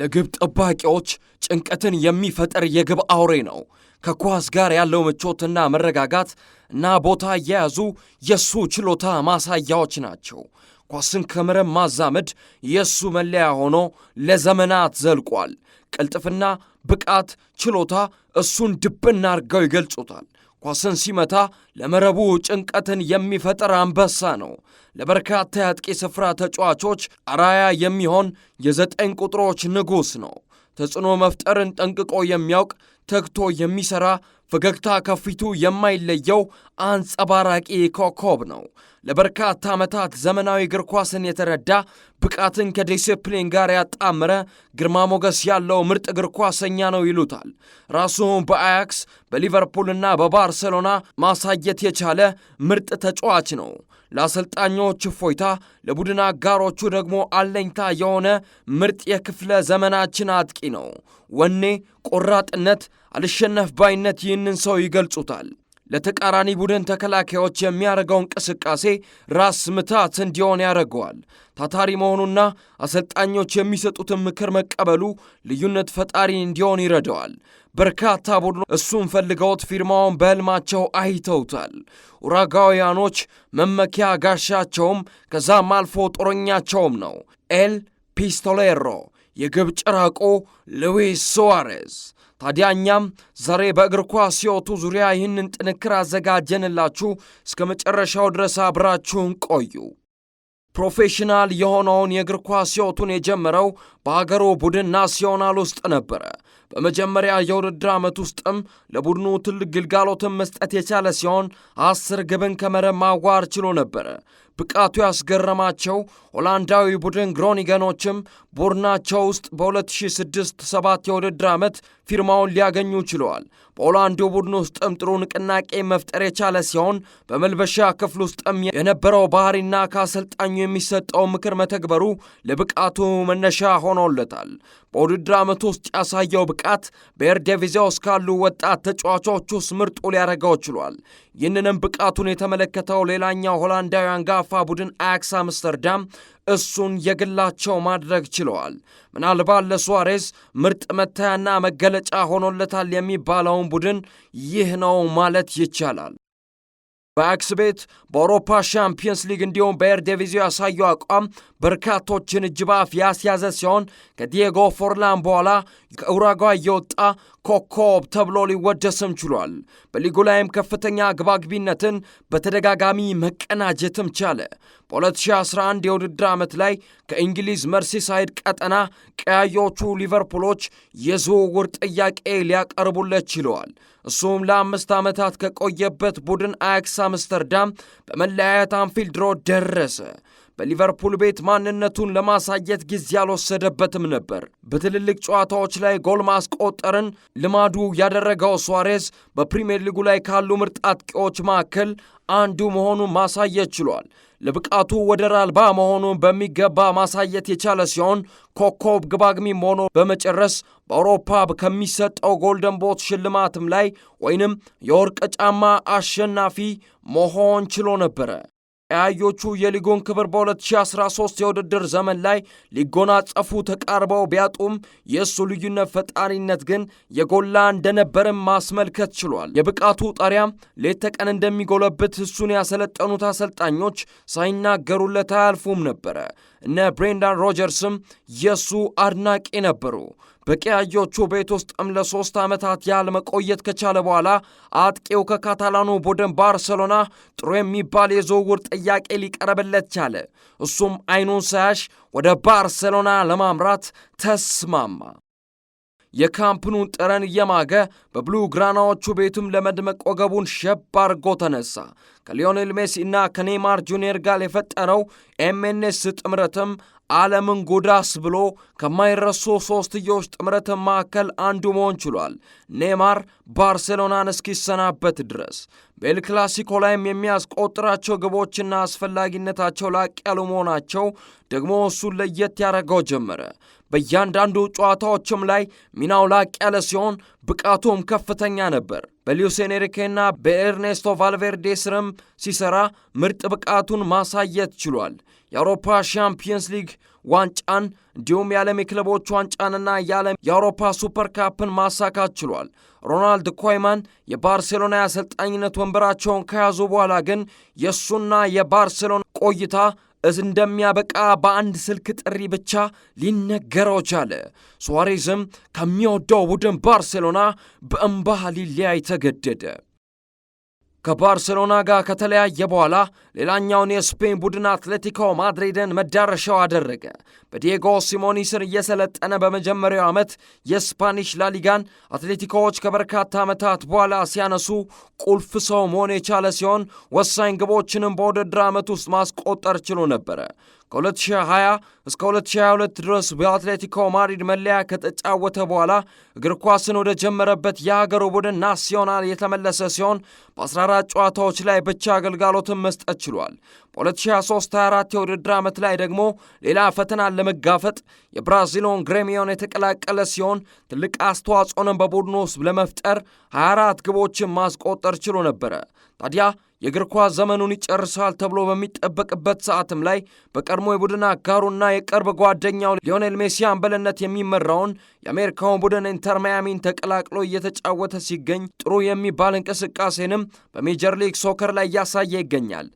ለግብ ጠባቂዎች ጭንቀትን የሚፈጥር የግብ አውሬ ነው። ከኳስ ጋር ያለው ምቾትና መረጋጋት እና ቦታ እየያዙ የሱ ችሎታ ማሳያዎች ናቸው። ኳስን ከመረብ ማዛመድ የእሱ መለያ ሆኖ ለዘመናት ዘልቋል። ቅልጥፍና፣ ብቃት፣ ችሎታ እሱን ድብና አርገው ይገልጹታል። ኳስን ሲመታ ለመረቡ ጭንቀትን የሚፈጥር አንበሳ ነው። ለበርካታ የአጥቂ ስፍራ ተጫዋቾች አራያ የሚሆን የዘጠኝ ቁጥሮች ንጉሥ ነው። ተጽዕኖ መፍጠርን ጠንቅቆ የሚያውቅ ተግቶ የሚሠራ ፈገግታ ከፊቱ የማይለየው አንጸባራቂ ኮከብ ነው። ለበርካታ ዓመታት ዘመናዊ እግር ኳስን የተረዳ ብቃትን ከዲሲፕሊን ጋር ያጣምረ ግርማ ሞገስ ያለው ምርጥ እግር ኳሰኛ ነው ይሉታል። ራሱም በአያክስ በሊቨርፑልና በባርሴሎና ማሳየት የቻለ ምርጥ ተጫዋች ነው። ለአሰልጣኞች እፎይታ፣ ለቡድን አጋሮቹ ደግሞ አለኝታ የሆነ ምርጥ የክፍለ ዘመናችን አጥቂ ነው። ወኔ፣ ቆራጥነት አልሸነፍ ባይነት ይህንን ሰው ይገልጹታል። ለተቃራኒ ቡድን ተከላካዮች የሚያደርገው እንቅስቃሴ ራስ ምታት እንዲሆን ያደርገዋል። ታታሪ መሆኑና አሰልጣኞች የሚሰጡትን ምክር መቀበሉ ልዩነት ፈጣሪ እንዲሆን ይረዳዋል። በርካታ ቡድኖ እሱን ፈልገውት ፊርማውን በሕልማቸው አይተውታል። ኡራጋውያኖች መመኪያ ጋሻቸውም ከዛም አልፎ ጦረኛቸውም ነው። ኤል ፒስቶሌሮ፣ የግብ ጭራቆ ሉዊስ ሱዋሬዝ ታዲያ እኛም ዛሬ በእግር ኳስ ሕይወቱ ዙሪያ ይህንን ጥንክር አዘጋጀንላችሁ። እስከ መጨረሻው ድረስ አብራችሁን ቆዩ። ፕሮፌሽናል የሆነውን የእግር ኳስ ሕይወቱን የጀመረው በአገሩ ቡድን ናሲዮናል ውስጥ ነበረ። በመጀመሪያ የውድድር ዓመት ውስጥም ለቡድኑ ትልቅ ግልጋሎትን መስጠት የቻለ ሲሆን አስር ግብን ከመረብ ማዋር ችሎ ነበረ። ብቃቱ ያስገረማቸው ሆላንዳዊ ቡድን ግሮኒገኖችም ቡድናቸው ውስጥ በ2006/7 የውድድር ዓመት ፊርማውን ሊያገኙ ችለዋል። በሆላንዱ ቡድን ውስጥም ጥሩ ንቅናቄ መፍጠር የቻለ ሲሆን በመልበሻ ክፍል ውስጥም የነበረው ባህሪና ከአሰልጣኙ የሚሰጠው ምክር መተግበሩ ለብቃቱ መነሻ ሆኖለታል። በውድድር ዓመት ውስጥ ያሳየው ብቃት በኤርዴቪዜ ውስጥ ካሉ ወጣት ተጫዋቾች ውስጥ ምርጡ ሊያደርገው ችሏል። ይህንንም ብቃቱን የተመለከተው ሌላኛው ሆላንዳዊ አንጋፋ ቡድን አያክስ አምስተርዳም እሱን የግላቸው ማድረግ ችለዋል። ምናልባት ለሱዋሬዝ ምርጥ መታያና መገለጫ ሆኖለታል የሚባለውን ቡድን ይህ ነው ማለት ይቻላል። በአክስ ቤት በአውሮፓ ሻምፒየንስ ሊግ እንዲሁም በኤር ዲቪዚዮ ያሳየው አቋም በርካቶችን እጅ በአፍ ያስያዘ ሲሆን ከዲየጎ ፎርላን በኋላ ከኡራጓ እየወጣ ኮከብ ተብሎ ሊወደስም ችሏል። በሊጉ ላይም ከፍተኛ ግባግቢነትን በተደጋጋሚ መቀናጀትም ቻለ። በ2011 የውድድር ዓመት ላይ ከእንግሊዝ መርሲሳይድ ቀጠና ቀያዮቹ ሊቨርፑሎች የዝውውር ጥያቄ ሊያቀርቡለት ችለዋል። እሱም ለአምስት ዓመታት ከቆየበት ቡድን አያክስ አምስተርዳም በመለያየት አንፊልድ ሮድ ደረሰ። በሊቨርፑል ቤት ማንነቱን ለማሳየት ጊዜ አልወሰደበትም ነበር። በትልልቅ ጨዋታዎች ላይ ጎል ማስቆጠርን ልማዱ ያደረገው ሱዋሬዝ በፕሪምየር ሊጉ ላይ ካሉ ምርጥ አጥቂዎች መካከል አንዱ መሆኑን ማሳየት ችሏል። ለብቃቱ ወደር አልባ መሆኑን በሚገባ ማሳየት የቻለ ሲሆን ኮከብ ግባግሚ ሆኖ በመጨረስ በአውሮፓ ከሚሰጠው ጎልደን ቦት ሽልማትም ላይ ወይንም የወርቅ ጫማ አሸናፊ መሆን ችሎ ነበረ። ቀያዮቹ የሊጉን ክብር በ2013 የውድድር ዘመን ላይ ሊጎናጸፉ ተቃርበው ቢያጡም የእሱ ልዩነት ፈጣሪነት ግን የጎላ እንደነበርም ማስመልከት ችሏል። የብቃቱ ጣሪያም ሌት ተቀን እንደሚጎለብት እሱን ያሰለጠኑት አሰልጣኞች ሳይናገሩለት አያልፉም ነበረ። እነ ብሬንዳን ሮጀርስም የሱ አድናቂ ነበሩ። በቀያዮቹ ቤት ውስጥም ለሶስት ዓመታት ያህል መቆየት ከቻለ በኋላ አጥቂው ከካታላኑ ቡድን ባርሰሎና ጥሩ የሚባል የዝውውር ጥያቄ ሊቀርብለት ቻለ። እሱም አይኑን ሳያሽ ወደ ባርሰሎና ለማምራት ተስማማ። የካምፕኑን ጠረን እየማገ በብሉ ግራናዎቹ ቤቱም ለመድመቅ ወገቡን ሸብ አድርጎ ተነሳ። ከሊዮኔል ሜሲ እና ከኔማር ጁኒየር ጋር የፈጠረው ኤምኤንኤስ ጥምረትም ዓለምን ጎዳስ ብሎ ከማይረሱ ሶስትዮሽ ጥምረት ማዕከል አንዱ መሆን ችሏል። ኔማር ባርሴሎናን እስኪሰናበት ድረስ በኤል ክላሲኮ ላይም የሚያስቆጥራቸው ግቦችና አስፈላጊነታቸው ላቅ ያሉ መሆናቸው ደግሞ እሱን ለየት ያደረገው ጀመረ። በእያንዳንዱ ጨዋታዎችም ላይ ሚናው ላቅ ያለ ሲሆን ብቃቱም ከፍተኛ ነበር። በሉዊስ ኤንሪኬና በኤርኔስቶ ቫልቬርዴ ስርም ሲሰራ ምርጥ ብቃቱን ማሳየት ችሏል። የአውሮፓ ሻምፒየንስ ሊግ ዋንጫን እንዲሁም የዓለም የክለቦች ዋንጫንና የዓለም የአውሮፓ ሱፐር ካፕን ማሳካት ችሏል። ሮናልድ ኮይማን የባርሴሎና የአሰልጣኝነት ወንበራቸውን ከያዙ በኋላ ግን የእሱና የባርሴሎና ቆይታ እንደሚያበቃ በአንድ ስልክ ጥሪ ብቻ ሊነገረው ቻለ። ሱዋሬዝም ከሚወደው ቡድን ባርሴሎና በእምባ ሊለያይ ተገደደ። ከባርሴሎና ጋር ከተለያየ በኋላ ሌላኛውን የስፔን ቡድን አትሌቲኮ ማድሪድን መዳረሻው አደረገ። በዲየጎ ሲሞኒ ስር እየሰለጠነ በመጀመሪያው ዓመት የስፓኒሽ ላሊጋን አትሌቲኮዎች ከበርካታ ዓመታት በኋላ ሲያነሱ ቁልፍ ሰው መሆን የቻለ ሲሆን ወሳኝ ግቦችንም በውድድር ዓመት ውስጥ ማስቆጠር ችሎ ነበረ። ከ2020 እስከ 2022 ድረስ በአትሌቲኮ ማድሪድ መለያ ከተጫወተ በኋላ እግር ኳስን ወደ ጀመረበት የሀገሩ ቡድን ናሲዮናል የተመለሰ ሲሆን በ14 ጨዋታዎች ላይ ብቻ አገልጋሎትን መስጠት ችሏል። በ2023/24 የውድድር ዓመት ላይ ደግሞ ሌላ ፈተናን ለመጋፈጥ የብራዚሉን ግሬሚዮን የተቀላቀለ ሲሆን ትልቅ አስተዋጽኦንም በቡድኑ ውስጥ ለመፍጠር 24 ግቦችን ማስቆጠር ችሎ ነበረ። ታዲያ የእግር ኳስ ዘመኑን ይጨርሳል ተብሎ በሚጠበቅበት ሰዓትም ላይ በቀድሞ የቡድን አጋሩና የቅርብ ጓደኛው ሊዮኔል ሜሲ አምበልነት የሚመራውን የአሜሪካውን ቡድን ኢንተር ማያሚን ተቀላቅሎ እየተጫወተ ሲገኝ ጥሩ የሚባል እንቅስቃሴንም በሜጀር ሊግ ሶከር ላይ እያሳየ ይገኛል።